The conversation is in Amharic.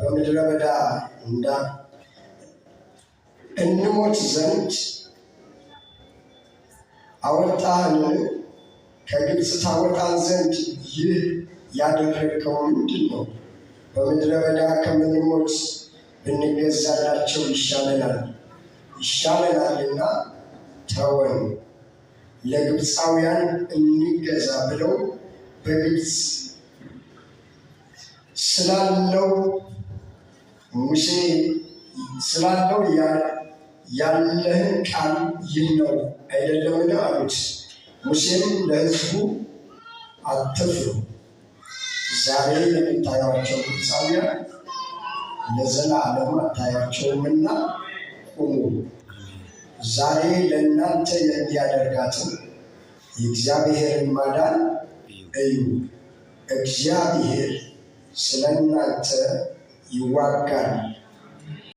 በምድረ በዳ እንዳ እንሞት ዘንድ አወጣ ከግብፅ ታወጣን ዘንድ ይህ ያደረግከው ምንድን ነው? በምድረ በዳ ከምንሞት ብንገዛላቸው ይሻለናል ይሻለናልና ተወን፣ ለግብፃውያን እንገዛ ብለው በግብፅ ስላለው ሙሴ ስላለው ያለህን ቃል ይህ ነው አይደለምን አሉት። ሙሴም ለህዝቡ አትፍሩ፣ ዛሬ የምታዩቸው ግብፃውያን ለዘላለም አታያቸውምና ቁሙ፣ ዛሬ ለእናንተ የሚያደርጋትን የእግዚአብሔርን ማዳን እዩ። እግዚአብሔር ስለ እናንተ e o Acari.